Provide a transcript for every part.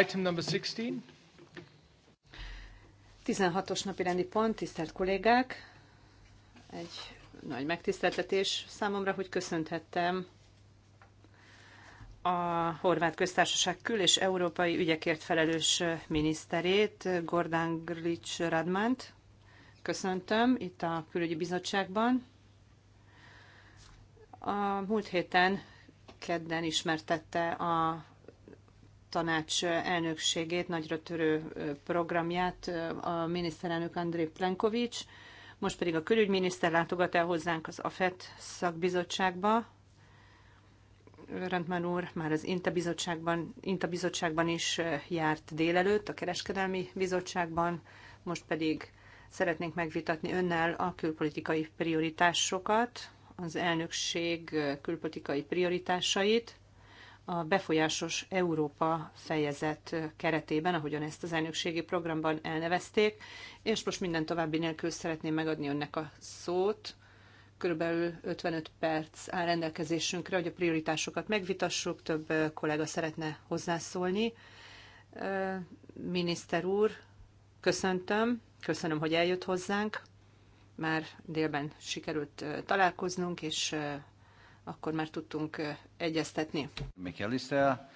Item number 16. 16-os napi rendi pont, tisztelt kollégák! Egy nagy megtiszteltetés számomra, hogy köszönthettem a Horvát Köztársaság kül- és európai ügyekért felelős miniszterét, Gordán grlic Radmant. Köszöntöm itt a külügyi bizottságban. A múlt héten kedden ismertette a tanács elnökségét, nagyra törő programját a miniszterelnök André Plenkovics, most pedig a külügyminiszter látogat el hozzánk az AFET szakbizottságba. Rendben úr már az INTA bizottságban, INTA bizottságban is járt délelőtt, a kereskedelmi bizottságban, most pedig szeretnénk megvitatni önnel a külpolitikai prioritásokat, az elnökség külpolitikai prioritásait, a befolyásos Európa fejezet keretében, ahogyan ezt az elnökségi programban elnevezték, és most minden további nélkül szeretném megadni önnek a szót. Körülbelül 55 perc áll rendelkezésünkre, hogy a prioritásokat megvitassuk, több kollega szeretne hozzászólni. Miniszter úr, köszöntöm, köszönöm, hogy eljött hozzánk. Már délben sikerült találkoznunk, és akkor már tudtunk egyeztetni. McAllister.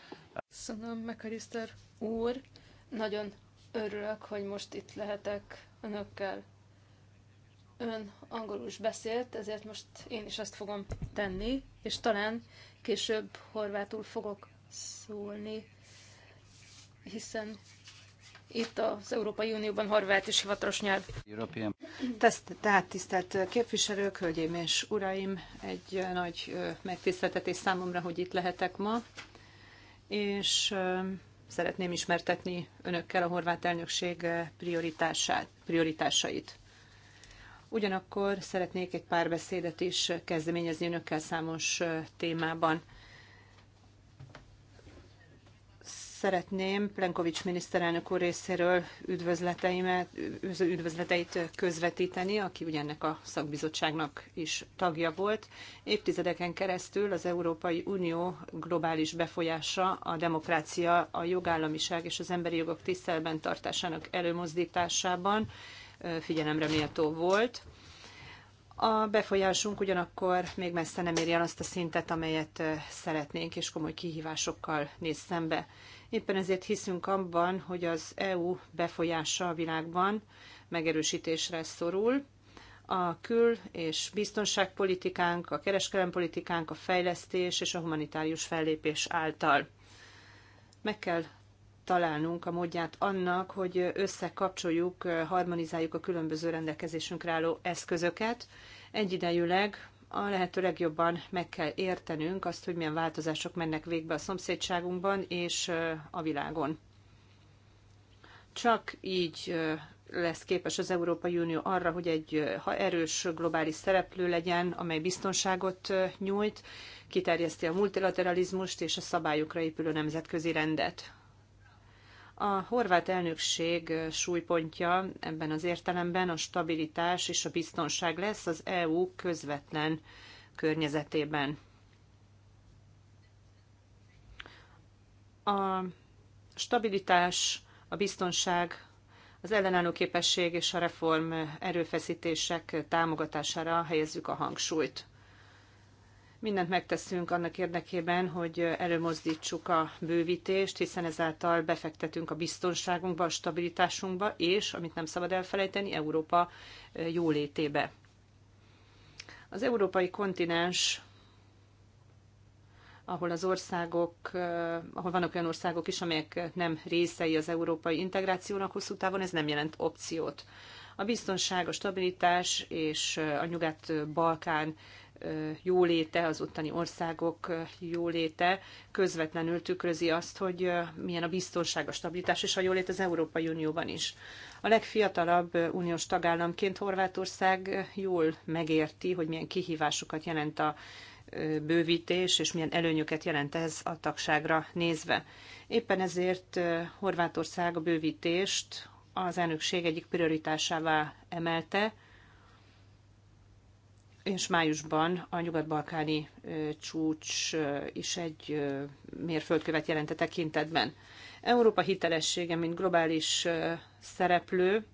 Köszönöm, McAllister úr. Nagyon örülök, hogy most itt lehetek önökkel. Ön angolul is beszélt, ezért most én is ezt fogom tenni, és talán később horvátul fogok szólni, hiszen itt az Európai Unióban horvát is hivatalos nyelv. European tehát tisztelt képviselők, hölgyeim és uraim, egy nagy megtiszteltetés számomra, hogy itt lehetek ma, és szeretném ismertetni önökkel a horvát elnökség prioritását, prioritásait. Ugyanakkor szeretnék egy pár beszédet is kezdeményezni önökkel számos témában. Szeretném Plenkovics miniszterelnök úr részéről üdvözleteimet, üdvözleteit közvetíteni, aki ennek a szakbizottságnak is tagja volt. Évtizedeken keresztül az Európai Unió globális befolyása a demokrácia, a jogállamiság és az emberi jogok tiszteletben tartásának előmozdításában figyelemre méltó volt. A befolyásunk ugyanakkor még messze nem éri el azt a szintet, amelyet szeretnénk, és komoly kihívásokkal néz szembe. Éppen ezért hiszünk abban, hogy az EU befolyása a világban megerősítésre szorul. A kül- és biztonságpolitikánk, a kereskedelempolitikánk, a fejlesztés és a humanitárius fellépés által. Meg kell találnunk a módját annak, hogy összekapcsoljuk, harmonizáljuk a különböző rendelkezésünkre álló eszközöket, egyidejűleg a lehető legjobban meg kell értenünk azt, hogy milyen változások mennek végbe a szomszédságunkban és a világon. Csak így lesz képes az Európai Unió arra, hogy egy ha erős globális szereplő legyen, amely biztonságot nyújt, kiterjeszti a multilateralizmust és a szabályokra épülő nemzetközi rendet. A horvát elnökség súlypontja ebben az értelemben a stabilitás és a biztonság lesz az EU közvetlen környezetében. A stabilitás, a biztonság, az ellenálló képesség és a reform erőfeszítések támogatására helyezzük a hangsúlyt. Mindent megteszünk annak érdekében, hogy előmozdítsuk a bővítést, hiszen ezáltal befektetünk a biztonságunkba, a stabilitásunkba, és, amit nem szabad elfelejteni, Európa eh, jólétébe. Az európai kontinens ahol az országok, eh, ahol vannak olyan országok is, amelyek nem részei az európai integrációnak hosszú távon, ez nem jelent opciót. A biztonság, a stabilitás és eh, a nyugat-balkán jóléte, az ottani országok jóléte közvetlenül tükrözi azt, hogy milyen a biztonság, a stabilitás és a jólét az Európai Unióban is. A legfiatalabb uniós tagállamként Horvátország jól megérti, hogy milyen kihívásokat jelent a bővítés, és milyen előnyöket jelent ez a tagságra nézve. Éppen ezért Horvátország a bővítést az elnökség egyik prioritásává emelte, és májusban a nyugat-balkáni csúcs is egy mérföldkövet jelente tekintetben. Európa hitelessége, mint globális szereplő,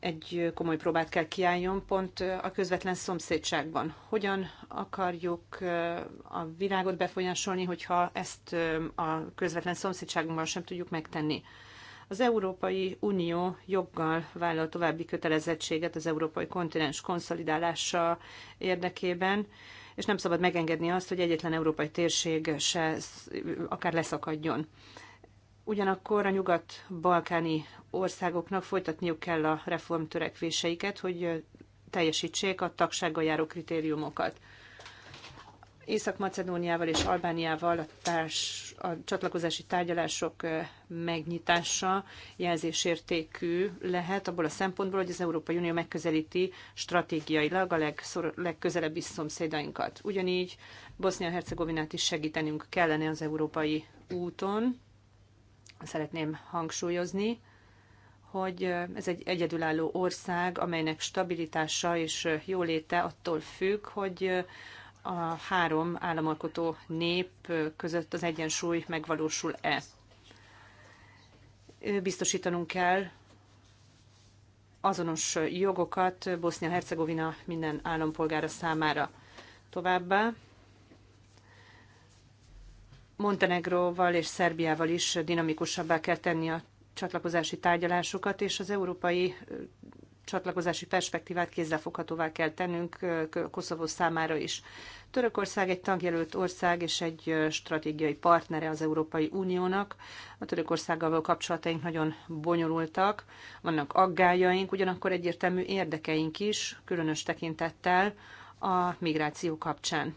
egy komoly próbát kell kiálljon pont a közvetlen szomszédságban. Hogyan akarjuk a világot befolyásolni, hogyha ezt a közvetlen szomszédságunkban sem tudjuk megtenni? Az Európai Unió joggal vállal további kötelezettséget az európai kontinens konszolidálása érdekében, és nem szabad megengedni azt, hogy egyetlen európai térség se akár leszakadjon. Ugyanakkor a nyugat-balkáni országoknak folytatniuk kell a reformtörekvéseiket, hogy teljesítsék a tagsággal járó kritériumokat. Észak-Macedóniával és Albániával a, társ, a csatlakozási tárgyalások megnyitása jelzésértékű lehet abból a szempontból, hogy az Európai Unió megközelíti stratégiailag a legszor, legközelebbi szomszédainkat. Ugyanígy Bosznia-Hercegovinát is segítenünk kellene az európai úton. Szeretném hangsúlyozni, hogy ez egy egyedülálló ország, amelynek stabilitása és jóléte attól függ, hogy a három államalkotó nép között az egyensúly megvalósul-e. Biztosítanunk kell azonos jogokat Bosznia-Hercegovina minden állampolgára számára. Továbbá Montenegróval és Szerbiával is dinamikusabbá kell tenni a csatlakozási tárgyalásokat, és az európai csatlakozási perspektívát kézzelfoghatóvá kell tennünk Koszovó számára is. Törökország egy tagjelölt ország és egy stratégiai partnere az Európai Uniónak. A Törökországgal való kapcsolataink nagyon bonyolultak, vannak aggájaink, ugyanakkor egyértelmű érdekeink is, különös tekintettel a migráció kapcsán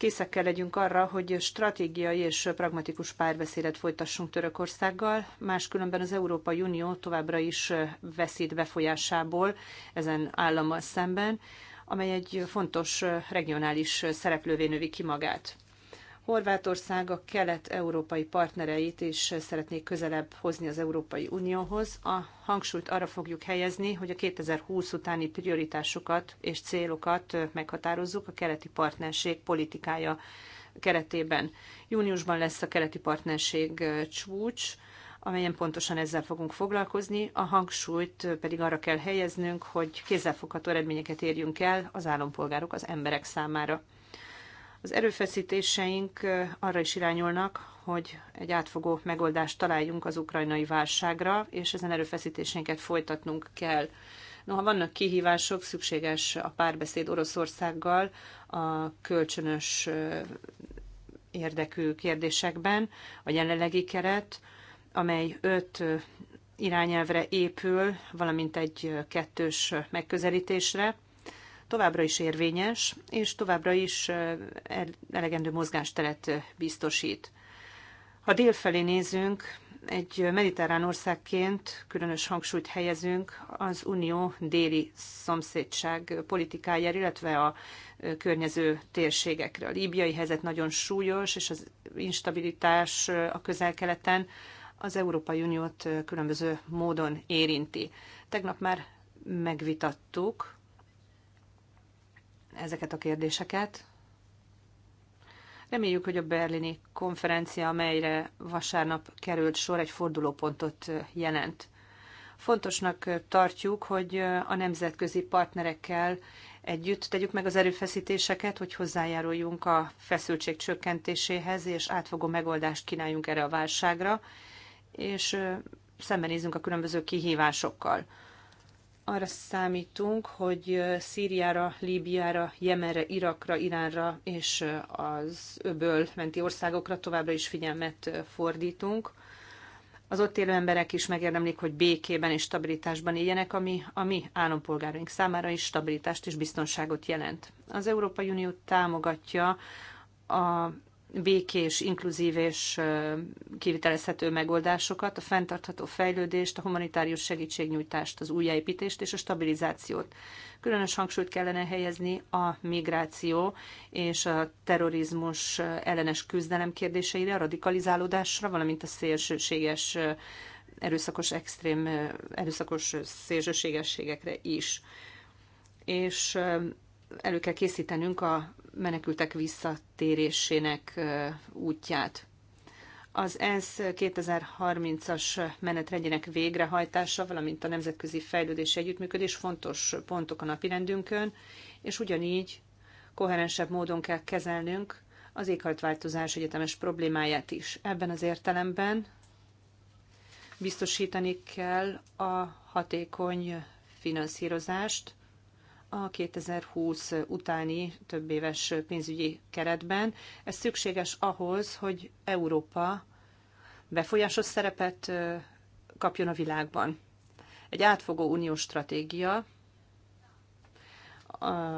készek kell legyünk arra, hogy stratégiai és pragmatikus párbeszédet folytassunk Törökországgal, máskülönben az Európai Unió továbbra is veszít befolyásából ezen állammal szemben, amely egy fontos regionális szereplővé növi ki magát. Horvátország a kelet-európai partnereit is szeretnék közelebb hozni az Európai Unióhoz. A hangsúlyt arra fogjuk helyezni, hogy a 2020 utáni prioritásokat és célokat meghatározzuk a keleti partnerség politikája keretében. Júniusban lesz a keleti partnerség csúcs, amelyen pontosan ezzel fogunk foglalkozni, a hangsúlyt pedig arra kell helyeznünk, hogy kézzelfogható eredményeket érjünk el az állampolgárok, az emberek számára. Az erőfeszítéseink arra is irányulnak, hogy egy átfogó megoldást találjunk az ukrajnai válságra, és ezen erőfeszítéseinket folytatnunk kell. Noha vannak kihívások, szükséges a párbeszéd Oroszországgal a kölcsönös érdekű kérdésekben, a jelenlegi keret, amely öt irányelvre épül, valamint egy kettős megközelítésre továbbra is érvényes, és továbbra is elegendő mozgásteret biztosít. Ha délfelé nézünk, egy mediterrán országként különös hangsúlyt helyezünk az unió déli szomszédság politikájára, illetve a környező térségekre. A líbiai helyzet nagyon súlyos, és az instabilitás a közel-keleten az Európai Uniót különböző módon érinti. Tegnap már megvitattuk ezeket a kérdéseket. Reméljük, hogy a berlini konferencia, amelyre vasárnap került sor, egy fordulópontot jelent. Fontosnak tartjuk, hogy a nemzetközi partnerekkel együtt tegyük meg az erőfeszítéseket, hogy hozzájáruljunk a feszültség csökkentéséhez, és átfogó megoldást kínáljunk erre a válságra, és szembenézzünk a különböző kihívásokkal arra számítunk, hogy Szíriára, Líbiára, Jemenre, Irakra, Iránra és az öböl menti országokra továbbra is figyelmet fordítunk. Az ott élő emberek is megérdemlik, hogy békében és stabilitásban éljenek, ami a mi állampolgáraink számára is stabilitást és biztonságot jelent. Az Európai Unió támogatja a békés, inkluzív és kivitelezhető megoldásokat, a fenntartható fejlődést, a humanitárius segítségnyújtást, az újjáépítést és a stabilizációt. Különös hangsúlyt kellene helyezni a migráció és a terrorizmus ellenes küzdelem kérdéseire, a radikalizálódásra, valamint a szélsőséges erőszakos extrém, erőszakos szélsőségességekre is. És elő kell készítenünk a menekültek visszatérésének útját. Az ENSZ 2030-as menetrendjének végrehajtása, valamint a nemzetközi fejlődés együttműködés fontos pontok a napirendünkön, és ugyanígy koherensebb módon kell kezelnünk az éghajtváltozás egyetemes problémáját is. Ebben az értelemben biztosítani kell a hatékony finanszírozást, a 2020 utáni több éves pénzügyi keretben. Ez szükséges ahhoz, hogy Európa befolyásos szerepet kapjon a világban. Egy átfogó uniós stratégia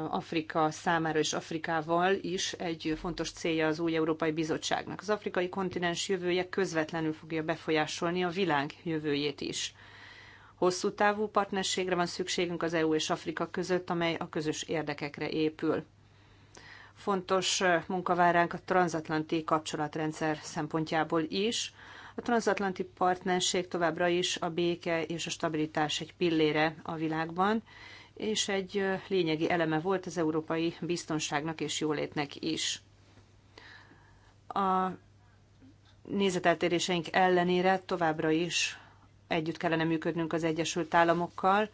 Afrika számára és Afrikával is egy fontos célja az új Európai Bizottságnak. Az afrikai kontinens jövője közvetlenül fogja befolyásolni a világ jövőjét is. Hosszú távú partnerségre van szükségünk az EU és Afrika között, amely a közös érdekekre épül. Fontos munkaváránk a transatlanti kapcsolatrendszer szempontjából is. A transatlanti partnerség továbbra is a béke és a stabilitás egy pillére a világban, és egy lényegi eleme volt az európai biztonságnak és jólétnek is. A nézeteltéréseink ellenére továbbra is együtt kellene működnünk az Egyesült Államokkal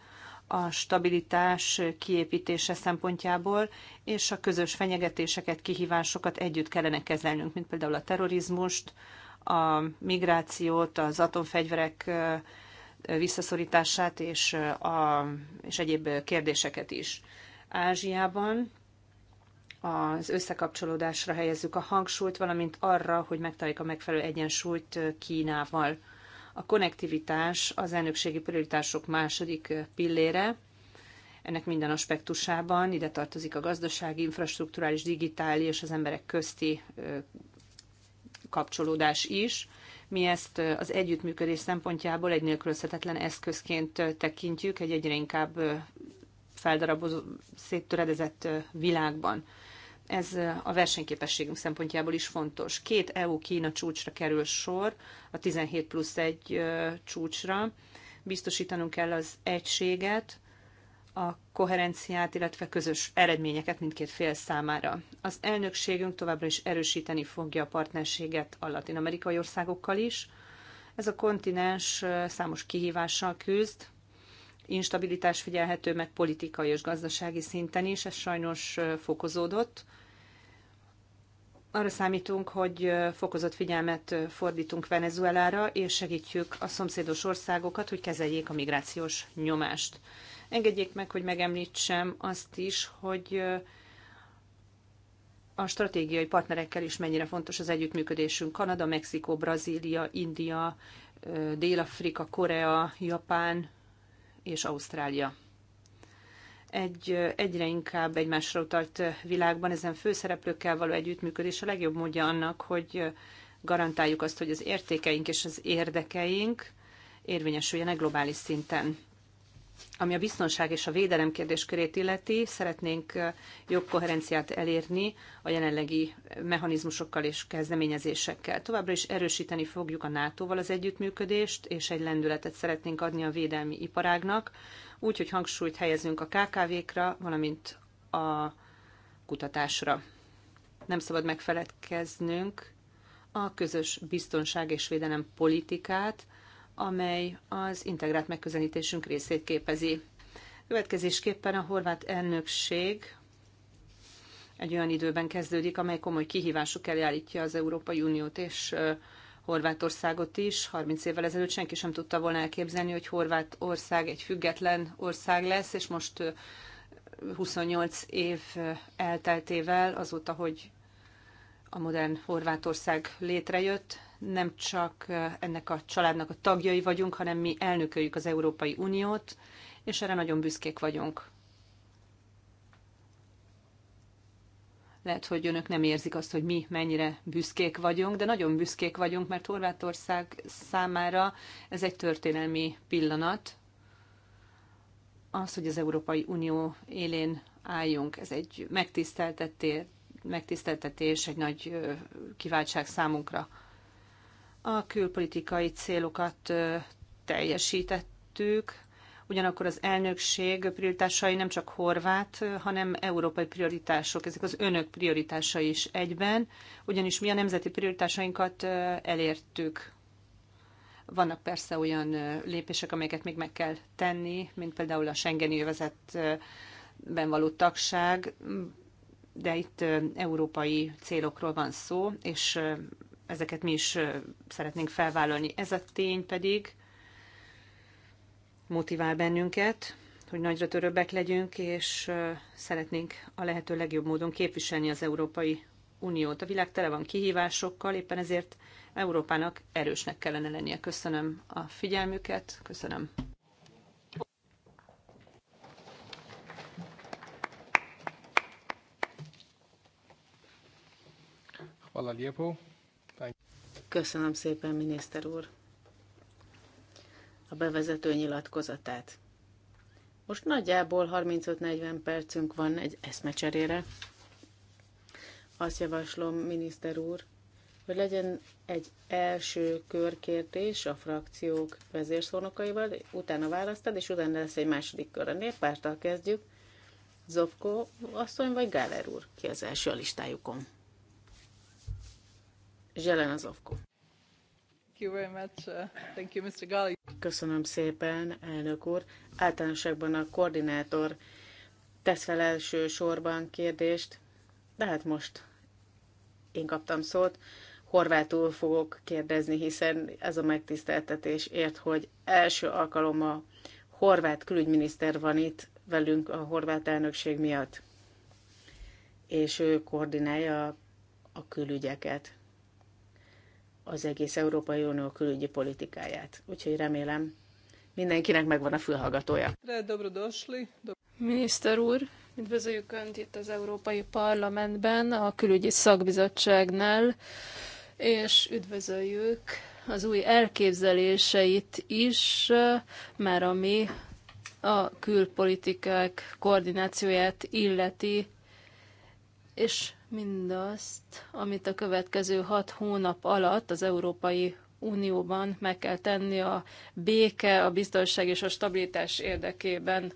a stabilitás kiépítése szempontjából, és a közös fenyegetéseket, kihívásokat együtt kellene kezelnünk, mint például a terrorizmust, a migrációt, az atomfegyverek visszaszorítását és, a, és egyéb kérdéseket is. Ázsiában az összekapcsolódásra helyezzük a hangsúlyt, valamint arra, hogy megtaláljuk a megfelelő egyensúlyt Kínával. A konnektivitás az elnökségi prioritások második pillére, ennek minden aspektusában. Ide tartozik a gazdasági, infrastruktúrális, digitális és az emberek közti kapcsolódás is. Mi ezt az együttműködés szempontjából egy nélkülözhetetlen eszközként tekintjük egy egyre inkább feldarabozó, széttöredezett világban. Ez a versenyképességünk szempontjából is fontos. Két EU-Kína csúcsra kerül sor, a 17 plusz 1 csúcsra. Biztosítanunk kell az egységet, a koherenciát, illetve közös eredményeket mindkét fél számára. Az elnökségünk továbbra is erősíteni fogja a partnerséget a latin-amerikai országokkal is. Ez a kontinens számos kihívással küzd, instabilitás figyelhető meg politikai és gazdasági szinten is, ez sajnos fokozódott arra számítunk, hogy fokozott figyelmet fordítunk Venezuelára, és segítjük a szomszédos országokat, hogy kezeljék a migrációs nyomást. Engedjék meg, hogy megemlítsem azt is, hogy a stratégiai partnerekkel is mennyire fontos az együttműködésünk. Kanada, Mexikó, Brazília, India, Dél-Afrika, Korea, Japán és Ausztrália egy egyre inkább egymásra utalt világban ezen főszereplőkkel való együttműködés a legjobb módja annak, hogy garantáljuk azt, hogy az értékeink és az érdekeink érvényesüljenek globális szinten. Ami a biztonság és a védelem kérdéskörét illeti, szeretnénk jobb koherenciát elérni a jelenlegi mechanizmusokkal és kezdeményezésekkel. Továbbra is erősíteni fogjuk a NATO-val az együttműködést, és egy lendületet szeretnénk adni a védelmi iparágnak, úgy, hogy hangsúlyt helyezünk a KKV-kra, valamint a kutatásra. Nem szabad megfeledkeznünk a közös biztonság és védelem politikát, amely az integrált megközelítésünk részét képezi. Következésképpen a horvát elnökség egy olyan időben kezdődik, amely komoly kihívások elé állítja az Európai Uniót és Horvátországot is. 30 évvel ezelőtt senki sem tudta volna elképzelni, hogy Horvátország egy független ország lesz, és most 28 év elteltével azóta, hogy a modern Horvátország létrejött, nem csak ennek a családnak a tagjai vagyunk, hanem mi elnököljük az Európai Uniót, és erre nagyon büszkék vagyunk. Lehet, hogy önök nem érzik azt, hogy mi mennyire büszkék vagyunk, de nagyon büszkék vagyunk, mert Horvátország számára ez egy történelmi pillanat. Az, hogy az Európai Unió élén álljunk, ez egy megtiszteltetés, megtiszteltetés egy nagy kiváltság számunkra. A külpolitikai célokat teljesítettük, ugyanakkor az elnökség prioritásai nem csak horvát, hanem európai prioritások, ezek az önök prioritásai is egyben, ugyanis mi a nemzeti prioritásainkat elértük. Vannak persze olyan lépések, amelyeket még meg kell tenni, mint például a Schengeni övezetben való tagság, de itt európai célokról van szó, és ezeket mi is szeretnénk felvállalni. Ez a tény pedig motivál bennünket, hogy nagyra törőbbek legyünk, és szeretnénk a lehető legjobb módon képviselni az Európai Uniót. A világ tele van kihívásokkal, éppen ezért Európának erősnek kellene lennie. Köszönöm a figyelmüket, köszönöm. Köszönöm szépen, miniszter úr a bevezető nyilatkozatát. Most nagyjából 35-40 percünk van egy eszmecserére. Azt javaslom, miniszter úr, hogy legyen egy első körkérdés a frakciók vezérszónokaival, utána választad, és utána lesz egy második kör. A néppárttal kezdjük. Zopko asszony vagy Gáler úr? Ki az első a listájukon? az Zopko. Uh, Köszönöm szépen, elnök úr. Általánosságban a koordinátor tesz fel első sorban kérdést, de hát most én kaptam szót. Horvátul fogok kérdezni, hiszen ez a megtiszteltetés ért, hogy első alkalommal horvát külügyminiszter van itt velünk a horvát elnökség miatt, és ő koordinálja a külügyeket az egész Európai Unió külügyi politikáját. Úgyhogy remélem, mindenkinek megvan a fülhallgatója. Miniszter úr, üdvözöljük Önt itt az Európai Parlamentben, a külügyi szakbizottságnál, és üdvözöljük az új elképzeléseit is, már ami a külpolitikák koordinációját illeti, és mindazt, amit a következő hat hónap alatt az Európai Unióban meg kell tenni a béke, a biztonság és a stabilitás érdekében.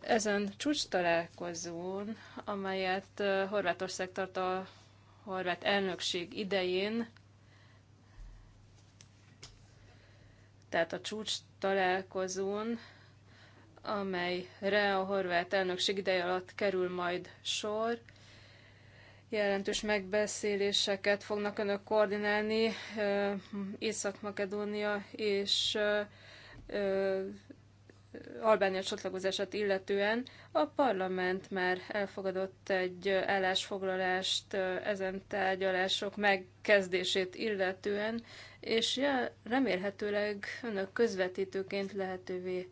Ezen csúcs találkozón, amelyet Horvátország tart a horvát elnökség idején, tehát a csúcs találkozón amelyre a horvát elnökség ideje alatt kerül majd sor. Jelentős megbeszéléseket fognak önök koordinálni Észak-Makedónia és Albánia csatlakozását illetően a parlament már elfogadott egy állásfoglalást ezen tárgyalások megkezdését illetően, és remélhetőleg önök közvetítőként lehetővé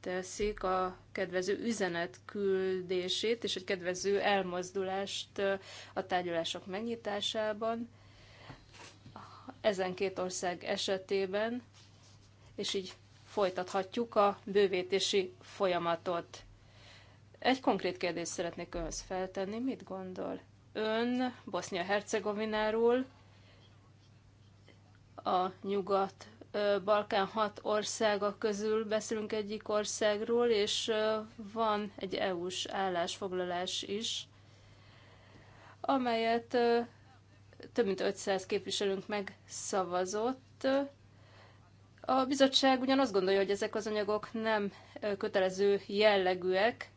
teszik a kedvező üzenet küldését és egy kedvező elmozdulást a tárgyalások megnyitásában ezen két ország esetében, és így folytathatjuk a bővítési folyamatot. Egy konkrét kérdést szeretnék önhöz feltenni. Mit gondol ön Bosznia-Hercegovináról, a nyugat Balkán hat országa közül beszélünk egyik országról, és van egy EU-s állásfoglalás is, amelyet több mint 500 képviselőnk megszavazott. A bizottság ugyan azt gondolja, hogy ezek az anyagok nem kötelező jellegűek,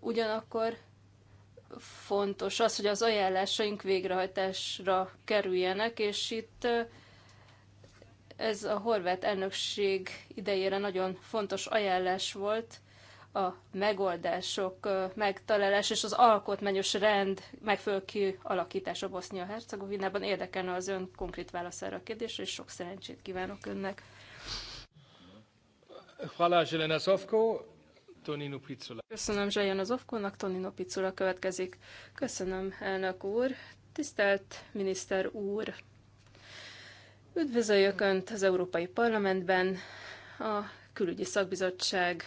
ugyanakkor fontos az, hogy az ajánlásaink végrehajtásra kerüljenek, és itt ez a horvát elnökség idejére nagyon fontos ajánlás volt, a megoldások megtalálás és az alkotmányos rend megfelelő kialakítása Bosznia-Hercegovinában. Érdekelne az ön konkrét válaszára a kérdésre, és sok szerencsét kívánok önnek. Hvala Tonino Picula. Köszönöm Zsajan az Ofkónak, Tonino Picula következik. Köszönöm, elnök úr. Tisztelt miniszter úr, üdvözöljük Önt az Európai Parlamentben, a Külügyi Szakbizottság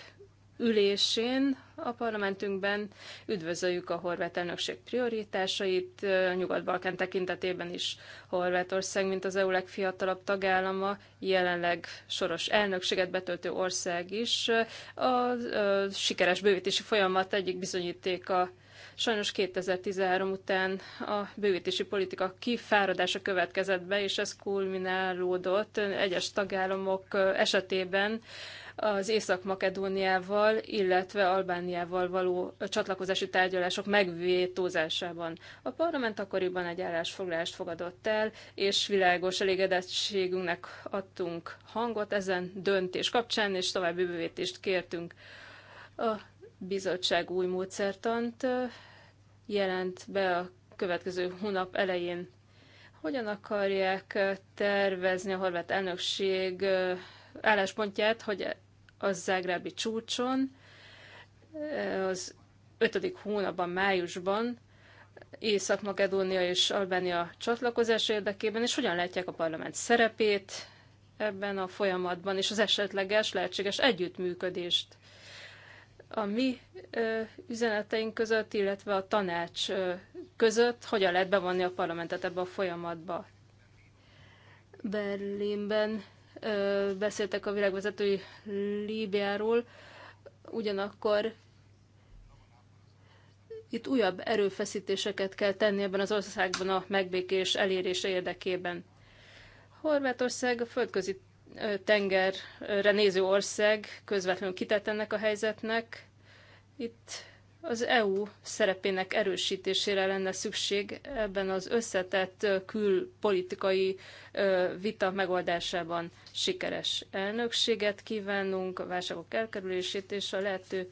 ülésén a parlamentünkben üdvözöljük a horvát elnökség prioritásait, Nyugat-Balkán tekintetében is Horvátország, mint az EU legfiatalabb tagállama, jelenleg soros elnökséget betöltő ország is. A, a sikeres bővítési folyamat egyik bizonyítéka Sajnos 2013 után a bővítési politika kifáradása következett be, és ez kulminálódott egyes tagállamok esetében az Észak-Makedóniával, illetve Albániával való csatlakozási tárgyalások megvétózásában. A parlament akkoriban egy állásfoglalást fogadott el, és világos elégedettségünknek adtunk hangot ezen döntés kapcsán, és további bővítést kértünk. A bizottság új módszertant jelent be a következő hónap elején. Hogyan akarják tervezni a horvát elnökség álláspontját, hogy a zágrábi csúcson az ötödik hónapban, májusban Észak-Makedónia és Albánia csatlakozás érdekében, és hogyan látják a parlament szerepét ebben a folyamatban, és az esetleges lehetséges együttműködést a mi üzeneteink között, illetve a tanács között hogyan lehet bevonni a parlamentet ebbe a folyamatba. Berlinben beszéltek a világvezetői Líbiáról, ugyanakkor itt újabb erőfeszítéseket kell tenni ebben az országban a megbékés elérése érdekében. Horvátország a földközi tengerre néző ország közvetlenül kitett ennek a helyzetnek. Itt az EU szerepének erősítésére lenne szükség ebben az összetett külpolitikai vita megoldásában sikeres elnökséget kívánunk, a válságok elkerülését és a lehető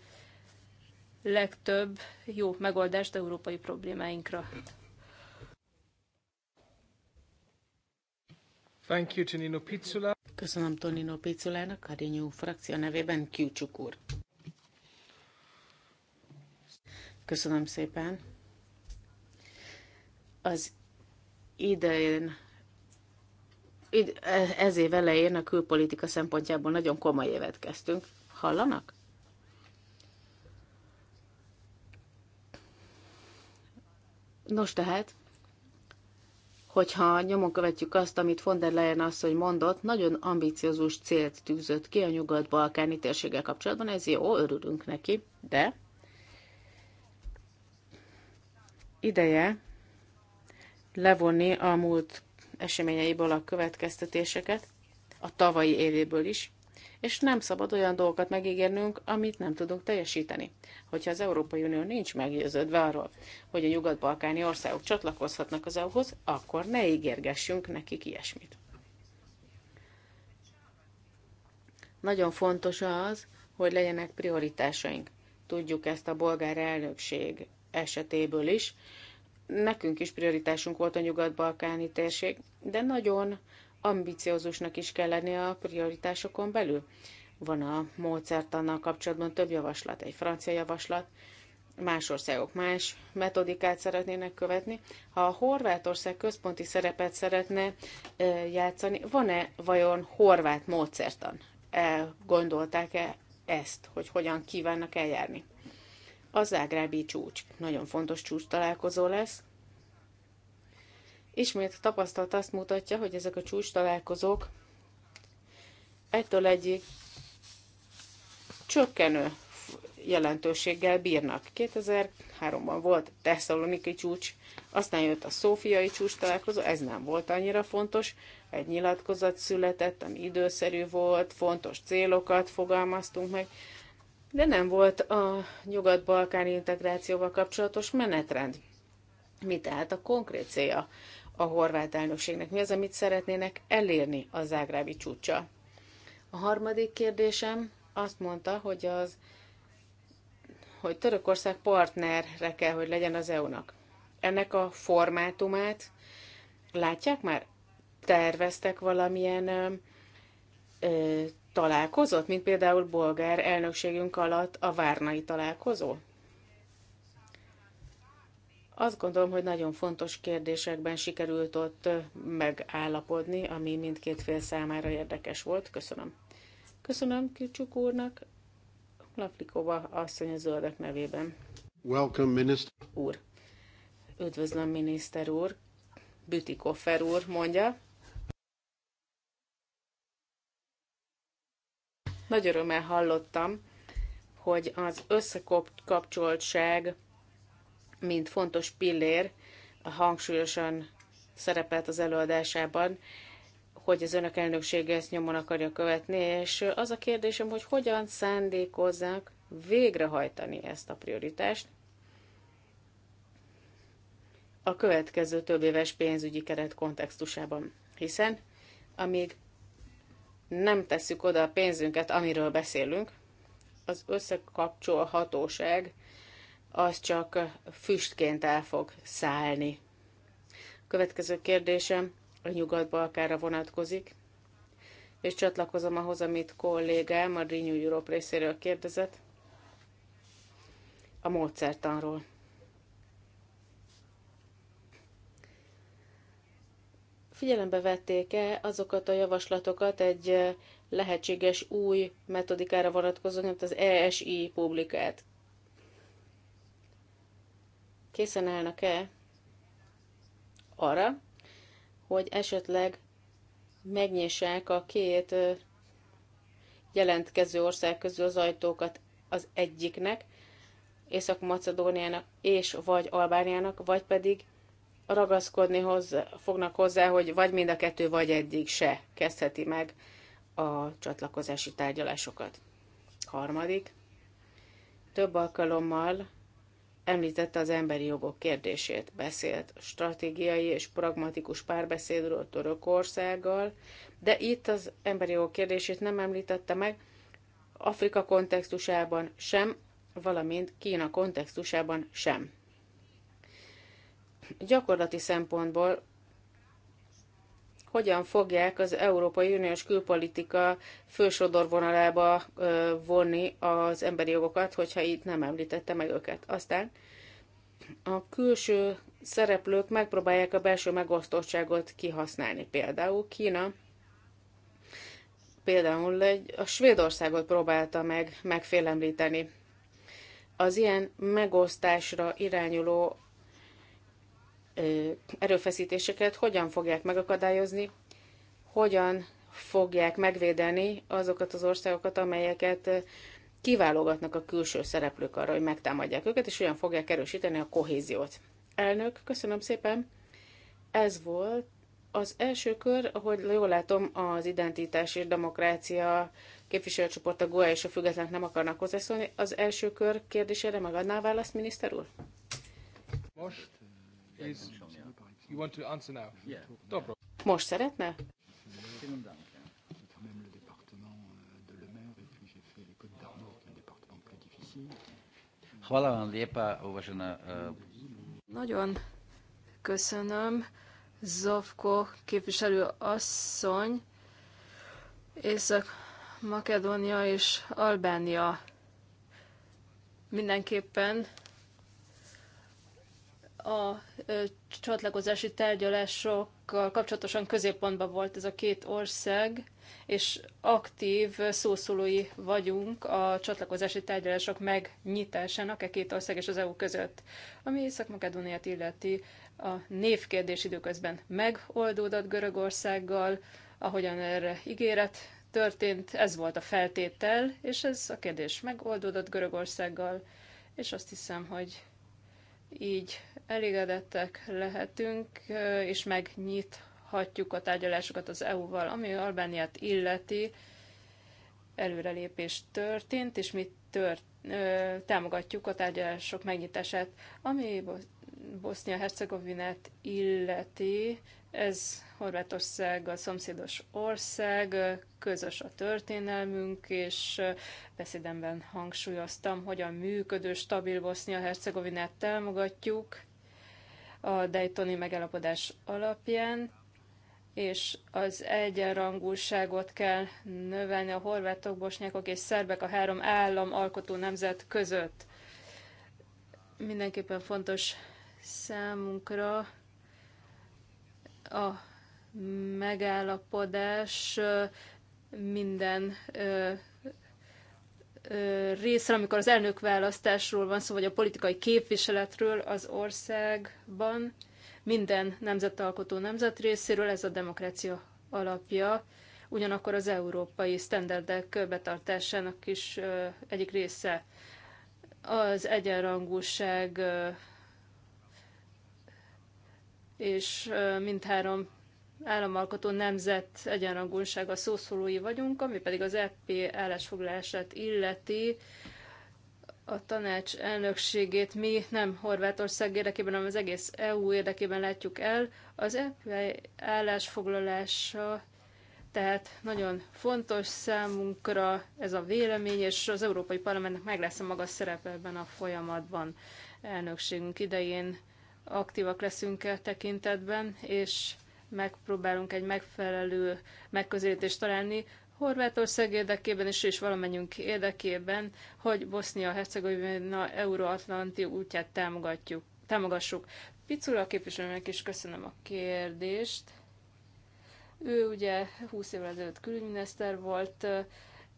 legtöbb jó megoldást európai problémáinkra. Thank you, Pizzula. Köszönöm Tonino Piculának, Karinyú frakció nevében Kiucsuk úr. Köszönöm szépen. Az idején ez év elején a külpolitika szempontjából nagyon komoly évet kezdtünk. Hallanak? Nos tehát, hogyha nyomon követjük azt, amit von der Leyen asszony mondott, nagyon ambiciózus célt tűzött ki a nyugat-balkáni térséggel kapcsolatban, ez jó, örülünk neki, de ideje levonni a múlt eseményeiből a következtetéseket, a tavalyi évéből is, és nem szabad olyan dolgokat megígérnünk, amit nem tudunk teljesíteni. Hogyha az Európai Unió nincs meggyőződve arról, hogy a nyugat-balkáni országok csatlakozhatnak az EU-hoz, akkor ne ígérgessünk nekik ilyesmit. Nagyon fontos az, hogy legyenek prioritásaink. Tudjuk ezt a bolgár elnökség esetéből is. Nekünk is prioritásunk volt a nyugat-balkáni térség, de nagyon ambiciózusnak is kell lenni a prioritásokon belül. Van a módszertannal kapcsolatban több javaslat, egy francia javaslat, más országok más metodikát szeretnének követni. Ha a Horvátország központi szerepet szeretne játszani, van-e vajon horvát módszertan? Gondolták-e ezt, hogy hogyan kívánnak eljárni? Az Ágrábi csúcs nagyon fontos csúcs találkozó lesz, Ismét a tapasztalat azt mutatja, hogy ezek a csúcs találkozók egytől egyik csökkenő jelentőséggel bírnak. 2003-ban volt Tesszaloniki csúcs, aztán jött a Szófiai csúcs találkozó, ez nem volt annyira fontos, egy nyilatkozat született, ami időszerű volt, fontos célokat fogalmaztunk meg, de nem volt a nyugat-balkáni integrációval kapcsolatos menetrend. Mi tehát a konkrét célja a horvát elnökségnek? Mi az, amit szeretnének elérni a zágrábi csúcsa? A harmadik kérdésem azt mondta, hogy az hogy Törökország partnerre kell, hogy legyen az EU-nak. Ennek a formátumát látják már? Terveztek valamilyen ö, ö, találkozót, mint például bolgár elnökségünk alatt a Várnai találkozó? Azt gondolom, hogy nagyon fontos kérdésekben sikerült ott megállapodni, ami mindkét fél számára érdekes volt. Köszönöm. Köszönöm Kicsuk úrnak, Laflikova asszony a zöldek nevében. Welcome, minister. Úr. Üdvözlöm, miniszter úr. Bütikoffer úr mondja. Nagy örömmel hallottam, hogy az összekapcsoltság mint fontos pillér hangsúlyosan szerepelt az előadásában, hogy az önök elnöksége ezt nyomon akarja követni, és az a kérdésem, hogy hogyan szándékozzák végrehajtani ezt a prioritást a következő több éves pénzügyi keret kontextusában. Hiszen amíg nem tesszük oda a pénzünket, amiről beszélünk, az összekapcsolhatóság az csak füstként el fog szállni. Következő kérdésem a Nyugat-Balkára vonatkozik, és csatlakozom ahhoz, amit kollégám a Renew Europe részéről kérdezett, a módszertanról. Figyelembe vették-e azokat a javaslatokat egy lehetséges új metodikára vonatkozóan, amit az ESI publikált? készen állnak-e arra, hogy esetleg megnyissák a két jelentkező ország közül az ajtókat az egyiknek, Észak-Macedóniának és vagy Albániának, vagy pedig ragaszkodni hozzá, fognak hozzá, hogy vagy mind a kettő, vagy eddig se kezdheti meg a csatlakozási tárgyalásokat. Harmadik, több alkalommal említette az emberi jogok kérdését, beszélt stratégiai és pragmatikus párbeszédről Törökországgal, de itt az emberi jogok kérdését nem említette meg, Afrika kontextusában sem, valamint Kína kontextusában sem. Gyakorlati szempontból hogyan fogják az Európai Uniós külpolitika fősodorvonalába vonni az emberi jogokat, hogyha itt nem említette meg őket. Aztán a külső szereplők megpróbálják a belső megosztottságot kihasználni. Például Kína például egy, a Svédországot próbálta meg megfélemlíteni. Az ilyen megosztásra irányuló erőfeszítéseket hogyan fogják megakadályozni, hogyan fogják megvédeni azokat az országokat, amelyeket kiválogatnak a külső szereplők arra, hogy megtámadják őket, és hogyan fogják erősíteni a kohéziót. Elnök, köszönöm szépen! Ez volt az első kör, ahogy jól látom, az identitás és demokrácia képviselőcsoport, a GOA e és a függetlenek nem akarnak hozzászólni. Az első kör kérdésére megadná a választ, miniszter úr? Most is... You want to answer now? Most szeretne? E, Nagyon köszönöm, Zovko képviselő asszony, Észak-Makedónia és Albánia mindenképpen a csatlakozási tárgyalásokkal kapcsolatosan középpontban volt ez a két ország, és aktív szószólói vagyunk a csatlakozási tárgyalások megnyitásának e két ország és az EU között. Ami Észak-Makedóniát illeti, a névkérdés időközben megoldódott Görögországgal, ahogyan erre ígéret történt, ez volt a feltétel, és ez a kérdés megoldódott Görögországgal, és azt hiszem, hogy így elégedettek lehetünk, és megnyithatjuk a tárgyalásokat az EU-val, ami Albániát illeti. Előrelépés történt, és mi tört, támogatjuk a tárgyalások megnyitását, ami Bosznia-Hercegovinát illeti. Ez Horvátország a szomszédos ország, közös a történelmünk, és beszédemben hangsúlyoztam, hogy a működő, stabil Bosznia-Hercegovinát támogatjuk a Daytoni megállapodás alapján, és az egyenrangúságot kell növelni a horvátok, bosnyákok és szerbek a három állam alkotó nemzet között. Mindenképpen fontos számunkra, a megállapodás minden részre, amikor az elnök választásról van szó, vagy a politikai képviseletről az országban, minden nemzetalkotó nemzet részéről, ez a demokrácia alapja, ugyanakkor az európai sztenderdek betartásának is egyik része az egyenrangúság és mindhárom államalkotó nemzet egyenrangúsága szószólói vagyunk, ami pedig az EP állásfoglalását illeti. A tanács elnökségét mi nem Horvátország érdekében, hanem az egész EU érdekében látjuk el. Az EP állásfoglalása tehát nagyon fontos számunkra ez a vélemény, és az Európai Parlamentnek meg lesz a maga szerepe ebben a folyamatban elnökségünk idején aktívak leszünk e tekintetben, és megpróbálunk egy megfelelő megközelítést találni Horvátország érdekében is, és valamennyünk érdekében, hogy Bosznia-Hercegovina euróatlanti útját támogatjuk, támogassuk. Picula képviselőnek is köszönöm a kérdést. Ő ugye 20 évvel ezelőtt külügyminiszter volt,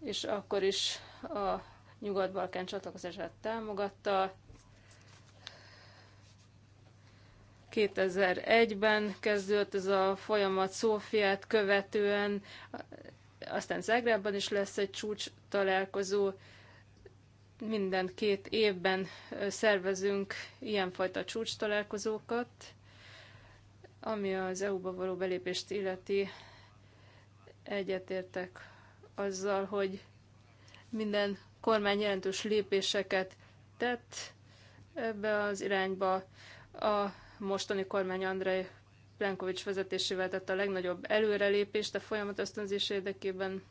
és akkor is a Nyugat-Balkán csatlakozását támogatta, 2001-ben kezdődött ez a folyamat Szófiát követően, aztán Zágrában is lesz egy csúcs találkozó. Minden két évben szervezünk ilyenfajta csúcs találkozókat, ami az EU-ba való belépést illeti. Egyetértek azzal, hogy minden kormány jelentős lépéseket tett ebbe az irányba. A mostani kormány Andrei Plenkovics vezetésével tett a legnagyobb előrelépést a folyamat ösztönzés érdekében,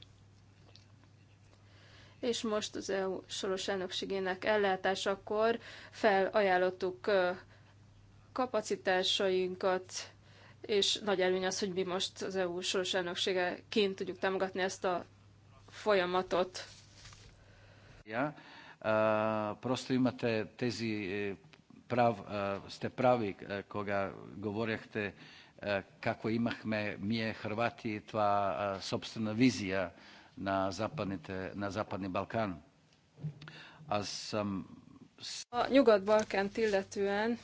és most az EU soros elnökségének ellátásakor felajánlottuk kapacitásainkat, és nagy előny az, hogy mi most az EU soros elnökségeként tudjuk támogatni ezt a folyamatot. Ja, prosto imate tezi прав, сте прави кога говорехте како имахме ние Хрвати това собствена визија на, западните, на Западni Balkán. Аз съм... A Nyugat-Balkánt illetően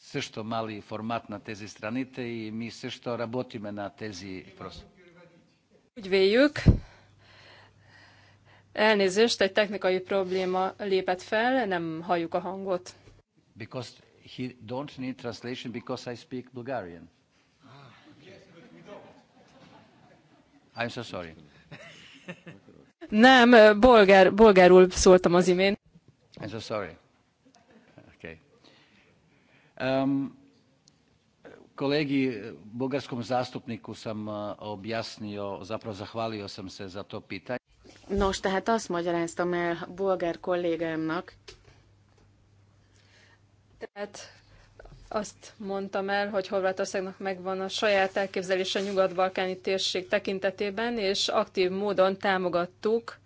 също мали формат на тези страните и ми също работиме на тези въпроси. Úgy véljük, elnézést, egy technikai probléma lépett fel, nem halljuk a hangot because he don't need translation because I speak Bulgarian. Ah, I'm so sorry. Nem, bolgár, bolgárul szóltam az imént. I'm so sorry. Okay. Um, kolegi bugarskom zastupniku sem objasnio, zapravo zahvalio sem se za to pitanje. Nos, tehát azt magyaráztam el bulgár kollégámnak, tehát azt mondtam el, hogy Horvátországnak megvan a saját elképzelése a nyugat-balkáni térség tekintetében, és aktív módon támogattuk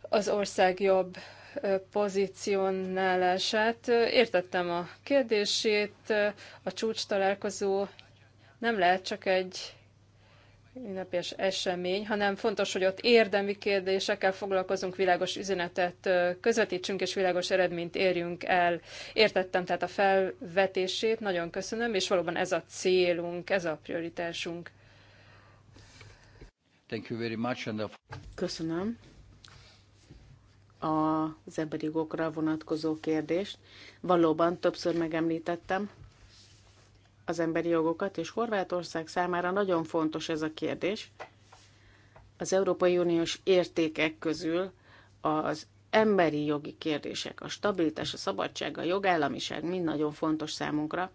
az ország jobb pozícionálását. Értettem a kérdését, a csúcs találkozó nem lehet csak egy ünnepés esemény, hanem fontos, hogy ott érdemi kérdésekkel foglalkozunk, világos üzenetet közvetítsünk, és világos eredményt érjünk el. Értettem tehát a felvetését, nagyon köszönöm, és valóban ez a célunk, ez a prioritásunk. Thank you very much. And the... Köszönöm az emberi jogokra vonatkozó kérdést. Valóban többször megemlítettem, az emberi jogokat, és Horvátország számára nagyon fontos ez a kérdés. Az Európai Uniós értékek közül az emberi jogi kérdések, a stabilitás, a szabadság, a jogállamiság mind nagyon fontos számunkra,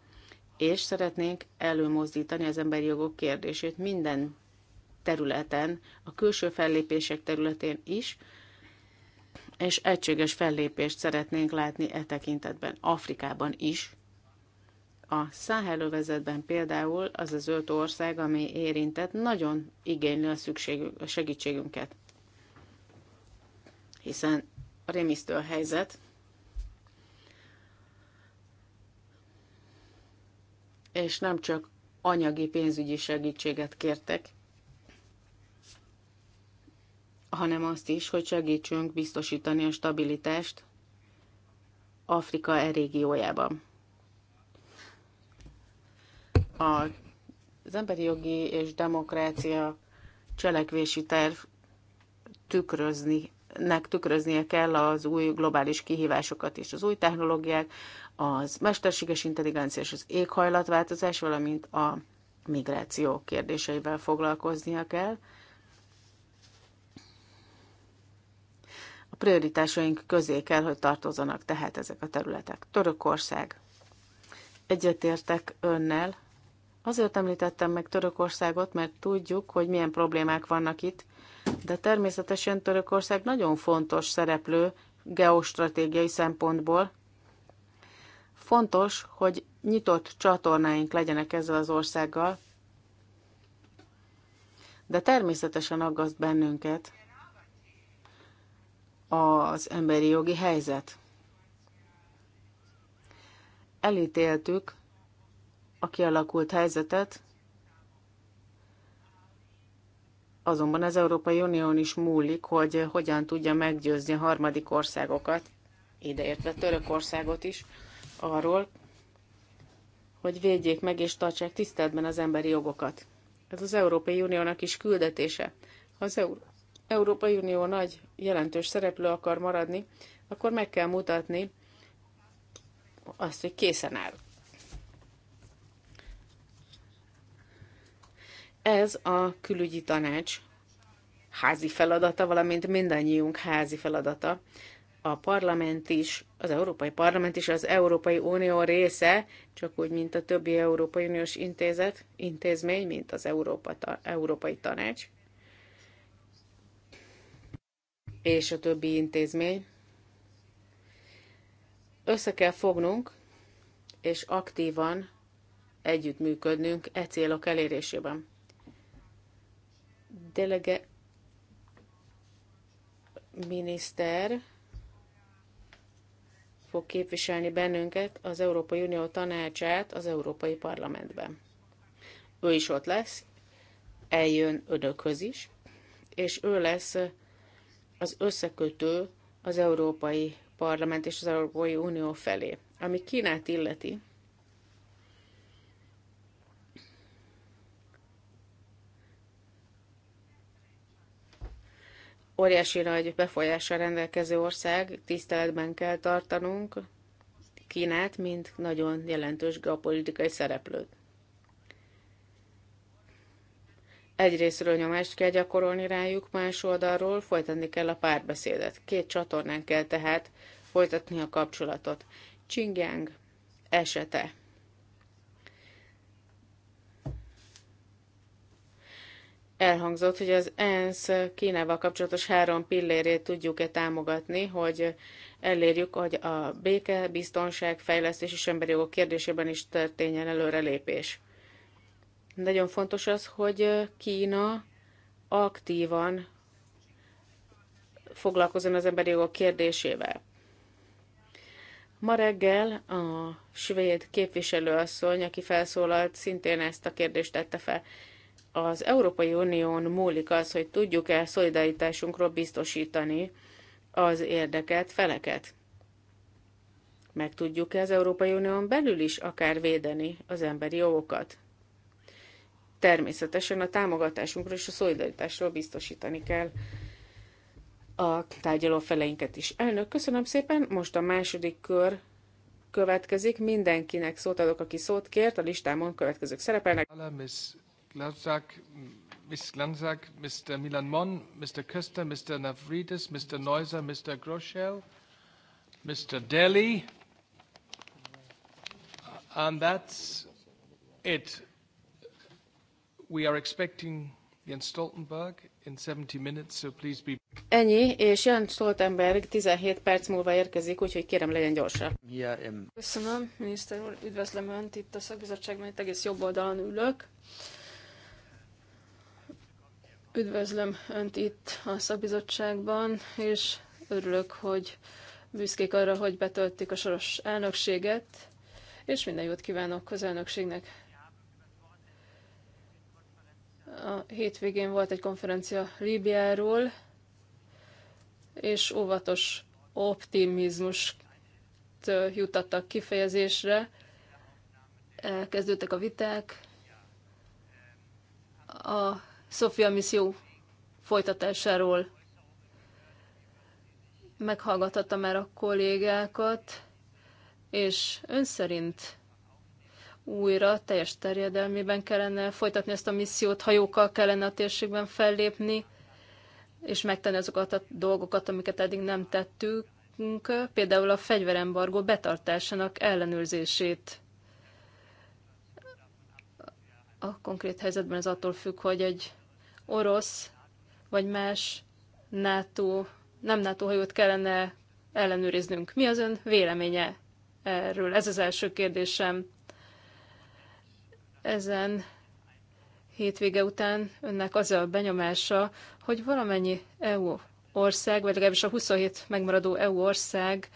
és szeretnénk előmozdítani az emberi jogok kérdését minden területen, a külső fellépések területén is, és egységes fellépést szeretnénk látni e tekintetben Afrikában is, a Száhelővezetben például az az öt ország, ami érintett, nagyon igényli a, a segítségünket. Hiszen a rémisztő a helyzet, és nem csak anyagi pénzügyi segítséget kértek, hanem azt is, hogy segítsünk biztosítani a stabilitást Afrika e régiójában az emberi jogi és demokrácia cselekvési terv tükrözni nek tükröznie kell az új globális kihívásokat és az új technológiák, az mesterséges intelligencia és az éghajlatváltozás, valamint a migráció kérdéseivel foglalkoznia kell. A prioritásaink közé kell, hogy tartozanak tehát ezek a területek. Törökország. Egyetértek önnel, Azért említettem meg Törökországot, mert tudjuk, hogy milyen problémák vannak itt, de természetesen Törökország nagyon fontos szereplő geostratégiai szempontból. Fontos, hogy nyitott csatornáink legyenek ezzel az országgal, de természetesen aggaszt bennünket az emberi jogi helyzet. Elítéltük a kialakult helyzetet, azonban az Európai Unión is múlik, hogy hogyan tudja meggyőzni a harmadik országokat, ideértve Törökországot is, arról, hogy védjék meg és tartsák tiszteletben az emberi jogokat. Ez az Európai Uniónak is küldetése. Ha az Euró- Európai Unió nagy, jelentős szereplő akar maradni, akkor meg kell mutatni azt, hogy készen áll Ez a külügyi tanács házi feladata, valamint mindannyiunk házi feladata. A parlament is, az Európai Parlament is az Európai Unió része, csak úgy, mint a többi Európai Uniós intézet, intézmény, mint az Európa, Európai Tanács és a többi intézmény. Össze kell fognunk, és aktívan együttműködnünk e célok elérésében delege miniszter fog képviselni bennünket az Európai Unió tanácsát az Európai Parlamentben. Ő is ott lesz, eljön önökhöz is, és ő lesz az összekötő az Európai Parlament és az Európai Unió felé. Ami Kínát illeti, óriási nagy befolyással rendelkező ország, tiszteletben kell tartanunk Kínát, mint nagyon jelentős geopolitikai szereplőt. Egyrésztről nyomást kell gyakorolni rájuk, más oldalról folytatni kell a párbeszédet. Két csatornán kell tehát folytatni a kapcsolatot. Csingyang esete elhangzott, hogy az ENSZ Kínával kapcsolatos három pillérét tudjuk-e támogatni, hogy elérjük, hogy a béke, biztonság, fejlesztés és emberi jogok kérdésében is történjen előrelépés. Nagyon fontos az, hogy Kína aktívan foglalkozzon az emberi jogok kérdésével. Ma reggel a svéd képviselőasszony, aki felszólalt, szintén ezt a kérdést tette fel az Európai Unión múlik az, hogy tudjuk-e szolidaritásunkról biztosítani az érdeket, feleket. Meg tudjuk-e az Európai Unión belül is akár védeni az emberi jogokat. Természetesen a támogatásunkról és a szolidaritásról biztosítani kell a tárgyaló feleinket is. Elnök, köszönöm szépen, most a második kör következik. Mindenkinek szót adok, aki szót kért, a listámon következők szerepelnek. Glanzak, Ms. Glanzak, Mr. Milan Mon, Mr. Köster, Mr. Navridis, Mr. Neuser, Mr. Groschel, Mr. Deli. And that's it. We are expecting Jens Stoltenberg in 70 minutes, so please be... Ennyi, és Jens Stoltenberg 17 perc múlva érkezik, úgyhogy kérem legyen gyorsan. Köszönöm, miniszter úr, üdvözlöm Önt itt a szakbizottságban, itt egész jobb oldalon ülök. Üdvözlöm Önt itt a szakbizottságban, és örülök, hogy büszkék arra, hogy betöltik a soros elnökséget, és minden jót kívánok az elnökségnek. A hétvégén volt egy konferencia Líbiáról, és óvatos optimizmust jutattak kifejezésre. Kezdődtek a viták, a Sofia misszió folytatásáról meghallgathatta már a kollégákat, és ön szerint újra teljes terjedelmében kellene folytatni ezt a missziót, hajókkal kellene a térségben fellépni, és megtenni azokat a dolgokat, amiket eddig nem tettünk, például a fegyverembargó betartásának ellenőrzését. A konkrét helyzetben ez attól függ, hogy egy orosz vagy más NATO, nem NATO hajót kellene ellenőriznünk. Mi az ön véleménye erről? Ez az első kérdésem. Ezen hétvége után önnek az a benyomása, hogy valamennyi EU ország, vagy legalábbis a 27 megmaradó EU ország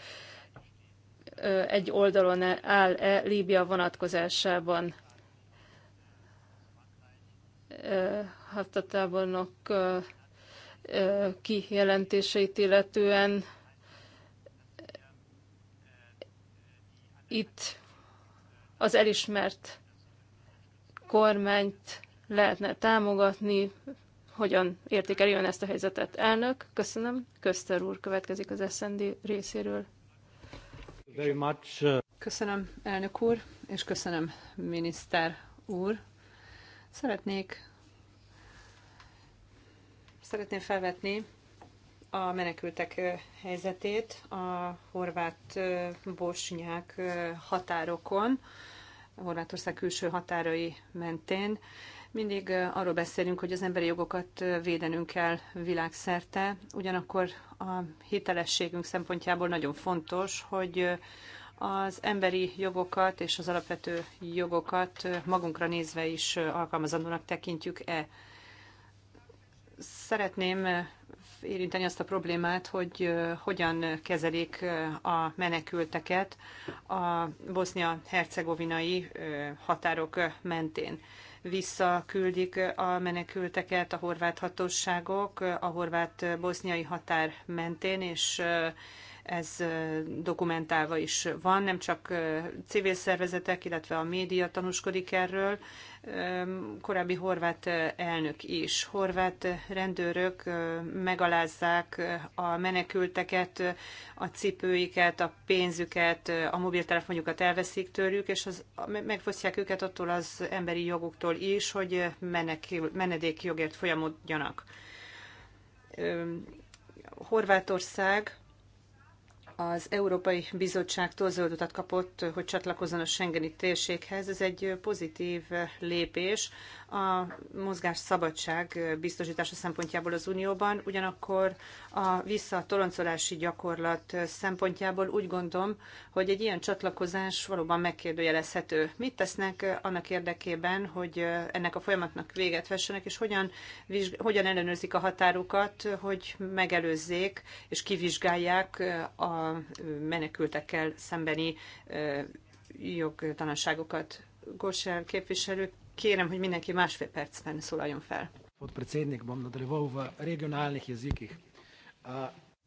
egy oldalon áll-e Líbia vonatkozásában háztatábornok kijelentéseit illetően itt az elismert kormányt lehetne támogatni, hogyan értékeli ön ezt a helyzetet. Elnök, köszönöm. Köszter úr következik az SND részéről. Uh, köszönöm, elnök úr, és köszönöm, miniszter úr. Szeretnék Szeretném felvetni a menekültek helyzetét a horvát-bosnyák határokon, Horvátország külső határai mentén. Mindig arról beszélünk, hogy az emberi jogokat védenünk kell világszerte, ugyanakkor a hitelességünk szempontjából nagyon fontos, hogy az emberi jogokat és az alapvető jogokat magunkra nézve is alkalmazandónak tekintjük-e. Szeretném eh, érinteni azt a problémát, hogy eh, hogyan kezelik eh, a menekülteket a bosznia-hercegovinai határok mentén. Visszaküldik a menekülteket a horvát hatóságok a horvát-boszniai határ mentén, és ez dokumentálva is van, nem csak civil szervezetek, illetve a média tanúskodik erről, korábbi horvát elnök is. Horvát rendőrök megalázzák a menekülteket, a cipőiket, a pénzüket, a mobiltelefonjukat elveszik tőlük, és az, megfosztják őket attól az emberi jogoktól is, hogy menekül, menedékjogért folyamodjanak. Horvátország az Európai Bizottságtól zöld kapott, hogy csatlakozzon a Schengeni térséghez. Ez egy pozitív lépés a mozgás szabadság biztosítása szempontjából az Unióban, ugyanakkor a visszatoloncolási gyakorlat szempontjából úgy gondolom, hogy egy ilyen csatlakozás valóban megkérdőjelezhető. Mit tesznek annak érdekében, hogy ennek a folyamatnak véget vessenek, és hogyan, hogyan ellenőrzik a határokat, hogy megelőzzék és kivizsgálják a menekültekkel szembeni jogtalanságokat. Gorsel képviselő, kérem, hogy mindenki másfél percben szólaljon fel. Podpredsednik, bom nadaljeval v regionálnych jezikih.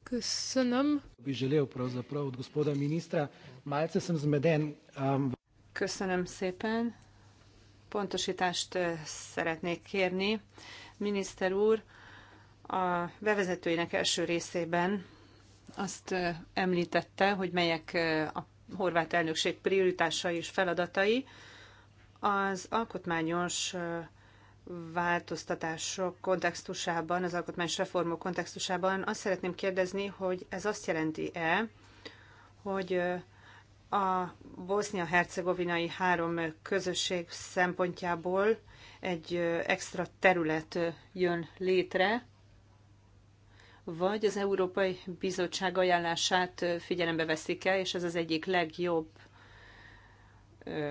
Köszönöm. Bi želel pravzaprav od gospoda ministra, malce sem zmeden. Köszönöm szépen. Pontosítást szeretnék kérni. Miniszter úr, a bevezetőinek első részében azt említette, hogy melyek a horvát elnökség prioritásai és feladatai. Az alkotmányos változtatások kontextusában, az alkotmányos reformok kontextusában azt szeretném kérdezni, hogy ez azt jelenti-e, hogy a bosznia-hercegovinai három közösség szempontjából egy extra terület jön létre, vagy az Európai Bizottság ajánlását figyelembe veszik el és ez az egyik legjobb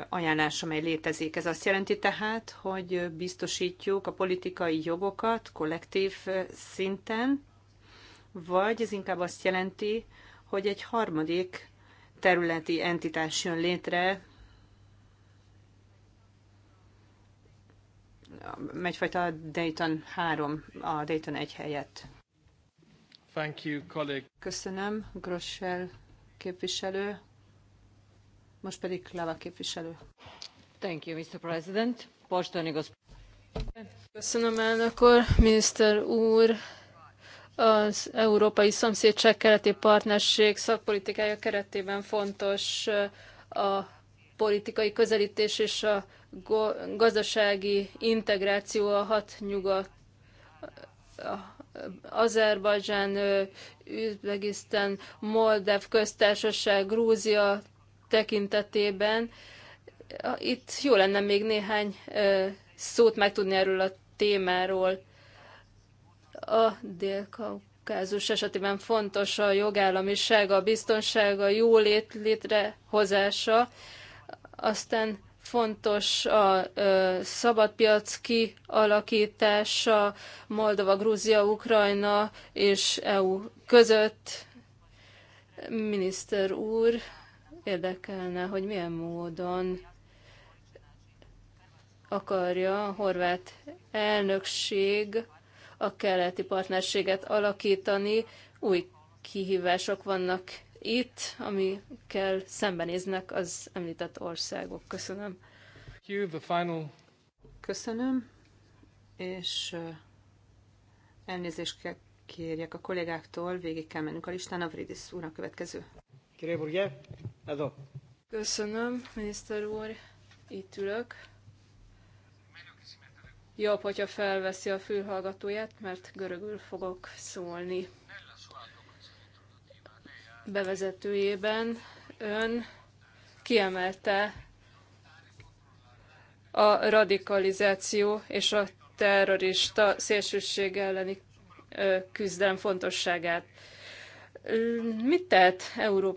ajánlás, amely létezik. Ez azt jelenti tehát, hogy biztosítjuk a politikai jogokat kollektív szinten, vagy ez inkább azt jelenti, hogy egy harmadik területi entitás jön létre, egyfajta Dayton 3, a Dayton 1 helyett. Thank you, colleague. Köszönöm, Grossel képviselő. Most pedig Klava képviselő. Thank you, Mr. President. Postani Köszönöm, elnök úr, miniszter úr. Az Európai Szomszédság Keleti Partnerség szakpolitikája keretében fontos uh, a politikai közelítés és a gazdasági integráció a hat nyugat a Azerbajdzsán, Üzbegisztán, Moldev köztársaság, Grúzia tekintetében. Itt jó lenne még néhány szót megtudni erről a témáról. A dél kaukázus esetében fontos a jogállamiság, a biztonság, a jólét létrehozása, aztán fontos a ö, szabadpiac kialakítása Moldova, Grúzia, Ukrajna és EU között. Miniszter úr, érdekelne, hogy milyen módon akarja a horvát elnökség a keleti partnerséget alakítani. Új kihívások vannak itt, amikkel szembenéznek az említett országok. Köszönöm. Köszönöm, és elnézést kell kérjek a kollégáktól, végig kell mennünk a listán. a úr a következő. Köszönöm, miniszter úr, itt ülök. Jobb, hogyha felveszi a fülhallgatóját, mert görögül fogok szólni bevezetőjében ön kiemelte a radikalizáció és a terrorista szélsőség elleni küzdelem fontosságát. Mit tett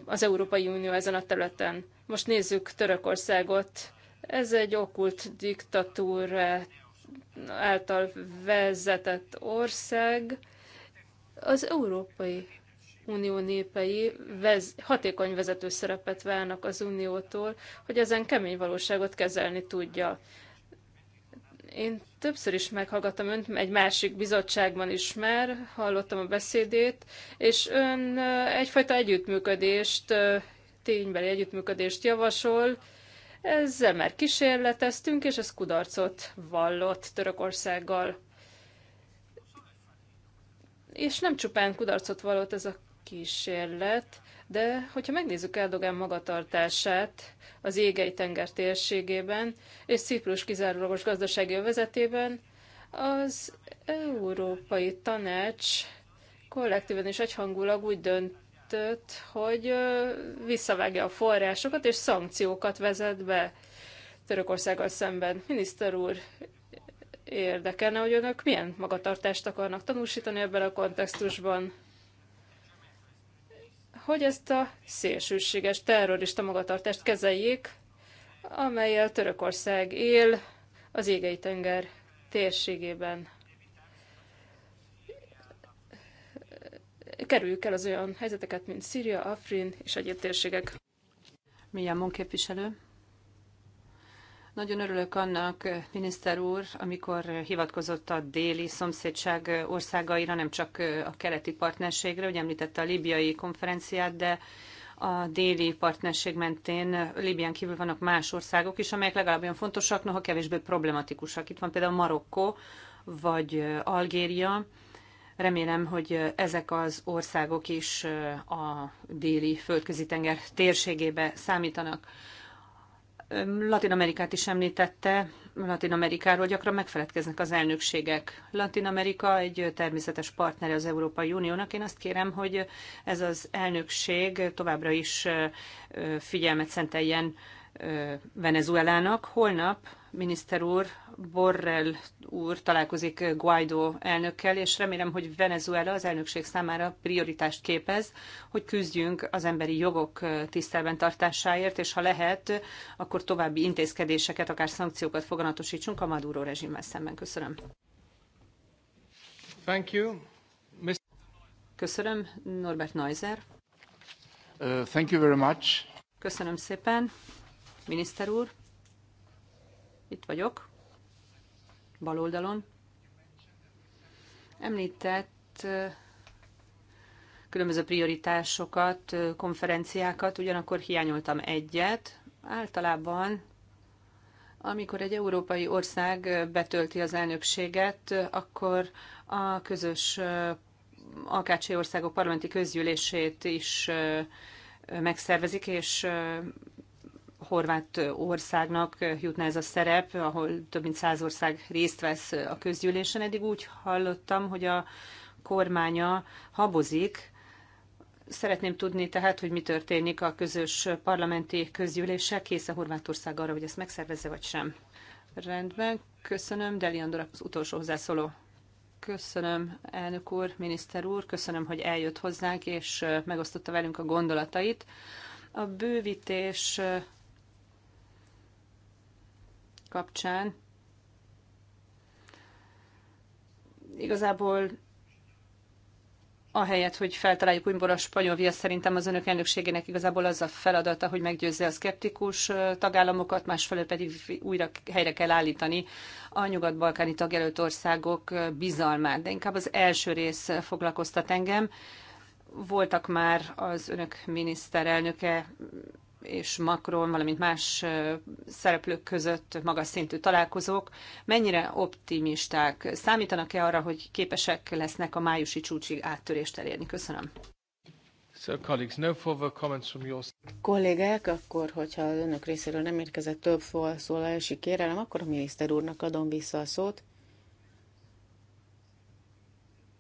az Európai Unió ezen a területen? Most nézzük Törökországot. Ez egy okkult diktatúra által vezetett ország. Az Európai unió népei vez, hatékony vezető szerepet válnak az uniótól, hogy ezen kemény valóságot kezelni tudja. Én többször is meghallgattam önt, egy másik bizottságban is már hallottam a beszédét, és ön egyfajta együttműködést, ténybeli együttműködést javasol, ezzel már kísérleteztünk, és ez kudarcot vallott Törökországgal. És nem csupán kudarcot vallott ez a kísérlet, de hogyha megnézzük Erdogan magatartását az égei tenger térségében és Ciprus kizárólagos gazdasági övezetében, az Európai Tanács kollektíven és egyhangulag úgy döntött, hogy visszavágja a forrásokat és szankciókat vezet be Törökországgal szemben. Miniszter úr, érdekelne, hogy önök milyen magatartást akarnak tanúsítani ebben a kontextusban hogy ezt a szélsőséges terrorista magatartást kezeljék, amelyel Törökország él az égei tenger térségében. Kerüljük el az olyan helyzeteket, mint Szíria, Afrin és egyéb térségek. Milyen munképviselő? Nagyon örülök annak, miniszter úr, amikor hivatkozott a déli szomszédság országaira, nem csak a keleti partnerségre, hogy említette a libiai konferenciát, de a déli partnerség mentén Líbián kívül vannak más országok is, amelyek legalább olyan fontosak, noha kevésbé problematikusak. Itt van például Marokkó vagy Algéria. Remélem, hogy ezek az országok is a déli földközi tenger térségébe számítanak. Latin Amerikát is említette, Latin Amerikáról gyakran megfeledkeznek az elnökségek. Latin Amerika egy természetes partnere az Európai Uniónak. Én azt kérem, hogy ez az elnökség továbbra is figyelmet szenteljen Venezuelának. Holnap miniszter úr, Borrell úr találkozik Guaidó elnökkel, és remélem, hogy Venezuela az elnökség számára prioritást képez, hogy küzdjünk az emberi jogok tisztelben tartásáért, és ha lehet, akkor további intézkedéseket, akár szankciókat foganatosítsunk a Maduro rezsimmel szemben. Köszönöm. Thank you. Mr. Köszönöm, Norbert Neuser. Uh, thank you very much. Köszönöm szépen. Miniszter úr, itt vagyok, bal oldalon. Említett különböző prioritásokat, konferenciákat, ugyanakkor hiányoltam egyet. Általában, amikor egy európai ország betölti az elnökséget, akkor a közös AKC országok parlamenti közgyűlését is megszervezik, és Horvátországnak jutna ez a szerep, ahol több mint száz ország részt vesz a közgyűlésen. Eddig úgy hallottam, hogy a kormánya habozik. Szeretném tudni tehát, hogy mi történik a közös parlamenti közgyűléssel. Kész a Horvátország arra, hogy ezt megszervezze, vagy sem? Rendben, köszönöm. Deli Andor az utolsó hozzászóló. Köszönöm, elnök úr, miniszter úr, köszönöm, hogy eljött hozzánk, és megosztotta velünk a gondolatait. A bővítés kapcsán. Igazából ahelyett, hogy feltaláljuk újból a spanyol viaszt, szerintem az önök elnökségének igazából az a feladata, hogy meggyőzze a szkeptikus tagállamokat, másfelől pedig újra helyre kell állítani a nyugat-balkáni tagjelölt országok bizalmát. De inkább az első rész foglalkoztat engem. Voltak már az önök miniszterelnöke és Macron, valamint más szereplők között magas szintű találkozók. Mennyire optimisták? Számítanak-e arra, hogy képesek lesznek a májusi csúcsig áttörést elérni? Köszönöm. So, colleagues, no further comments from your... Kollégák, akkor, hogyha az önök részéről nem érkezett több szólalási kérelem, akkor a miniszter úrnak adom vissza a szót.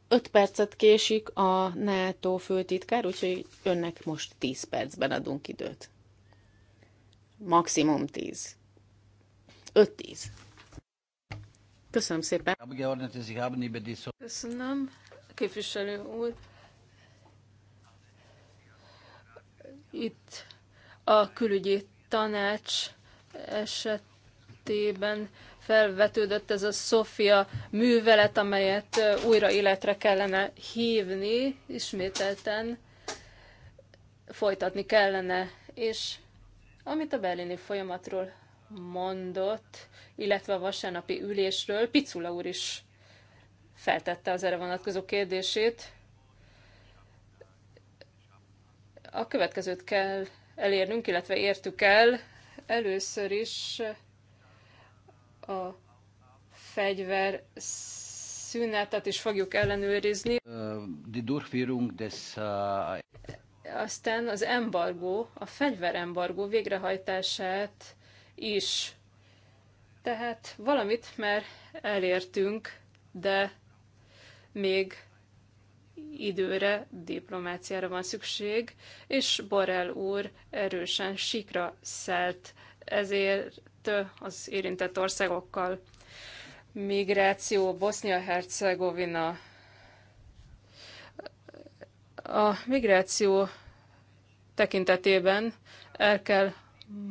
Öt percet késik a NATO főtitkár, úgyhogy önnek most tíz percben adunk időt maximum 10. 5-10. Köszönöm szépen. Köszönöm, képviselő úr. Itt a külügyi tanács esetében felvetődött ez a Sofia művelet, amelyet újra életre kellene hívni, ismételten folytatni kellene, és amit a berlini folyamatról mondott, illetve a vasárnapi ülésről, Picula úr is feltette az erre vonatkozó kérdését. A következőt kell elérnünk, illetve értük el. Először is a fegyver szünetet is fogjuk ellenőrizni. Uh, die Durchführung des, uh aztán az embargó, a fegyverembargó végrehajtását is. Tehát valamit már elértünk, de még időre, diplomáciára van szükség, és Borrell úr erősen sikra szelt ezért az érintett országokkal. Migráció bosnia hercegovina a migráció tekintetében el kell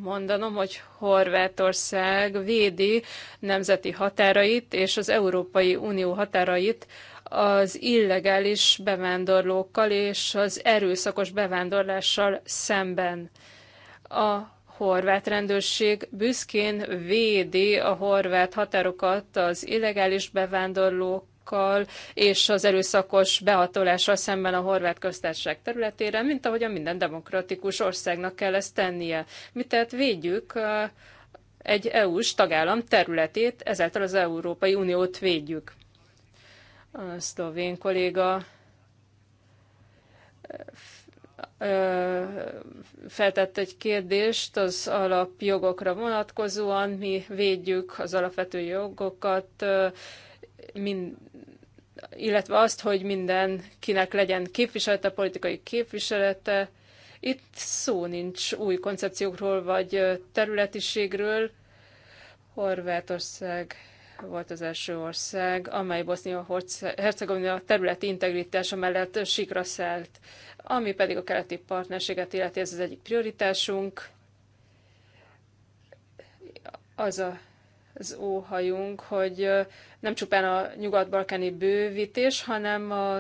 mondanom, hogy Horvátország védi nemzeti határait és az Európai Unió határait az illegális bevándorlókkal és az erőszakos bevándorlással szemben. A horvát rendőrség büszkén védi a horvát határokat az illegális bevándorlók erőszakkal és az erőszakos behatolással szemben a horvát köztársaság területére, mint ahogy a minden demokratikus országnak kell ezt tennie. Mi tehát védjük egy EU-s tagállam területét, ezáltal az Európai Uniót védjük. A szlovén kolléga feltett egy kérdést az alapjogokra vonatkozóan. Mi védjük az alapvető jogokat, mind, illetve azt, hogy mindenkinek legyen képviselete, politikai képviselete. Itt szó nincs új koncepciókról vagy területiségről. Horvátország volt az első ország, amely Bosznia-Hercegovina területi integritása mellett sikra szelt, ami pedig a keleti partnerséget illeti, ez az egyik prioritásunk. Az a az óhajunk, hogy nem csupán a nyugat-balkáni bővítés, hanem a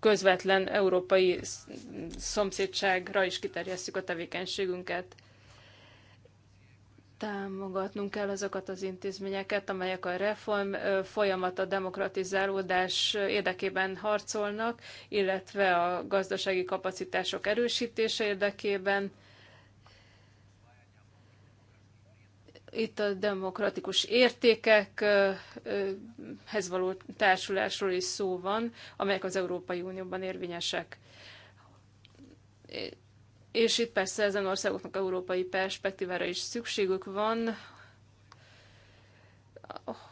közvetlen európai szomszédságra is kiterjesztjük a tevékenységünket. Támogatnunk kell azokat az intézményeket, amelyek a reform folyamat a demokratizálódás érdekében harcolnak, illetve a gazdasági kapacitások erősítése érdekében Itt a demokratikus értékekhez való társulásról is szó van, amelyek az Európai Unióban érvényesek. És itt persze ezen országoknak európai perspektívára is szükségük van,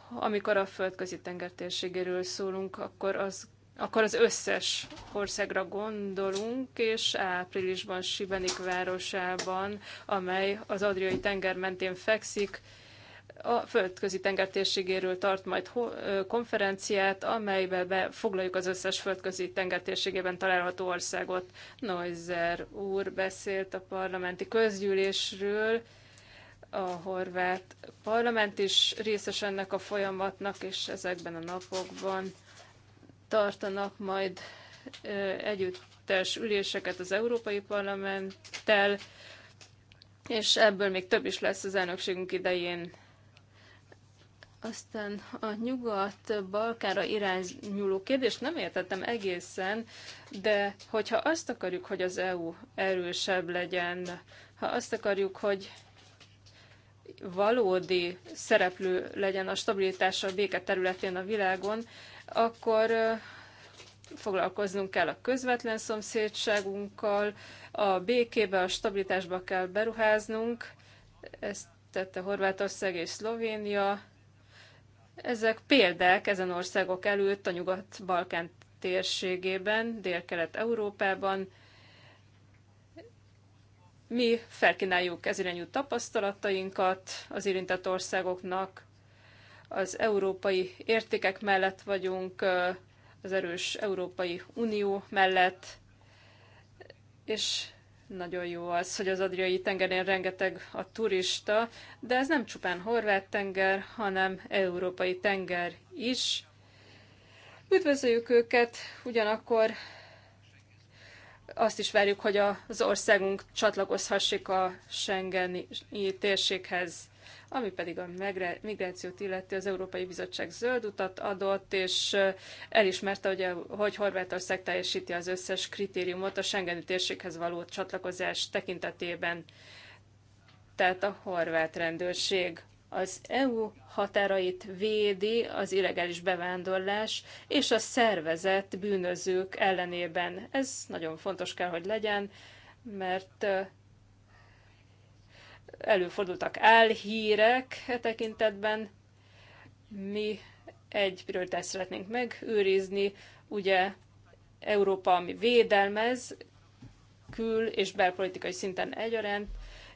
amikor a földközi tenger térségéről szólunk, akkor azt akkor az összes országra gondolunk, és áprilisban Sibenik városában, amely az Adriai tenger mentén fekszik, a földközi tenger térségéről tart majd konferenciát, amelybe befoglaljuk az összes földközi tenger térségében található országot. Neuser úr beszélt a parlamenti közgyűlésről, a horvát parlament is részes ennek a folyamatnak, és ezekben a napokban tartanak majd együttes üléseket az Európai Parlamenttel, és ebből még több is lesz az elnökségünk idején. Aztán a nyugat-balkára irányuló kérdést nem értettem egészen, de hogyha azt akarjuk, hogy az EU erősebb legyen, ha azt akarjuk, hogy valódi szereplő legyen a stabilitás a béke területén a világon, akkor foglalkoznunk kell a közvetlen szomszédságunkkal, a békébe, a stabilitásba kell beruháznunk, ezt tette Horvátország és Szlovénia. Ezek példák ezen országok előtt a Nyugat-Balkán térségében, Dél-Kelet-Európában. Mi felkínáljuk ez irányú tapasztalatainkat az érintett országoknak, az európai értékek mellett vagyunk, az erős Európai Unió mellett, és nagyon jó az, hogy az Adriai tengerén rengeteg a turista, de ez nem csupán horvát tenger, hanem európai tenger is. Üdvözöljük őket, ugyanakkor azt is várjuk, hogy az országunk csatlakozhassék a Schengeni térséghez. Ami pedig a migrációt illeti, az Európai Bizottság zöld utat adott, és elismerte, hogy, hogy Horvátország teljesíti az összes kritériumot a Schengeni térséghez való csatlakozás tekintetében. Tehát a horvát rendőrség az EU határait védi az illegális bevándorlás és a szervezett bűnözők ellenében. Ez nagyon fontos kell, hogy legyen, mert előfordultak álhírek tekintetben. Mi egy prioritást szeretnénk megőrizni, ugye Európa, ami védelmez, kül- és belpolitikai szinten egyaránt,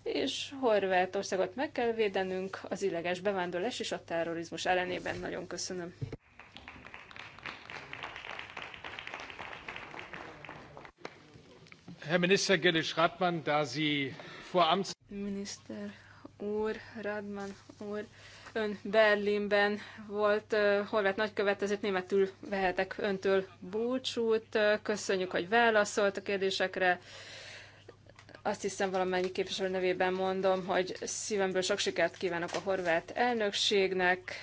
és Horvátországot meg kell védenünk az illeges bevándorlás és a terrorizmus ellenében. Nagyon köszönöm. Herr Minister Gilles Radmann, da Sie vor Amts Miniszter úr, Radman úr, ön Berlinben volt, uh, horvát nagykövet, ezért németül vehetek öntől búcsút. Köszönjük, hogy válaszolt a kérdésekre. Azt hiszem valamennyi képviselő nevében mondom, hogy szívemből sok sikert kívánok a horvát elnökségnek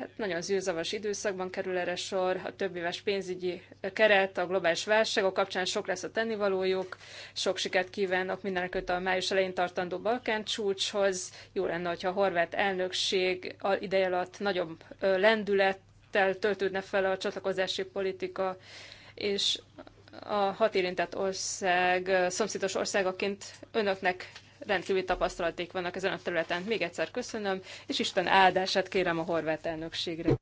Hát nagyon zűrzavas időszakban kerül erre sor, a több éves pénzügyi keret, a globális válságok kapcsán sok lesz a tennivalójuk, sok sikert kívánok mindenekőt a május elején tartandó Balkán csúcshoz. Jó lenne, hogyha a horvát elnökség ideje alatt nagyobb lendülettel töltődne fel a csatlakozási politika, és a hat érintett ország, szomszédos országaként önöknek rendkívüli tapasztalaték vannak ezen a területen. Még egyszer köszönöm, és Isten áldását kérem a horvát elnökségre.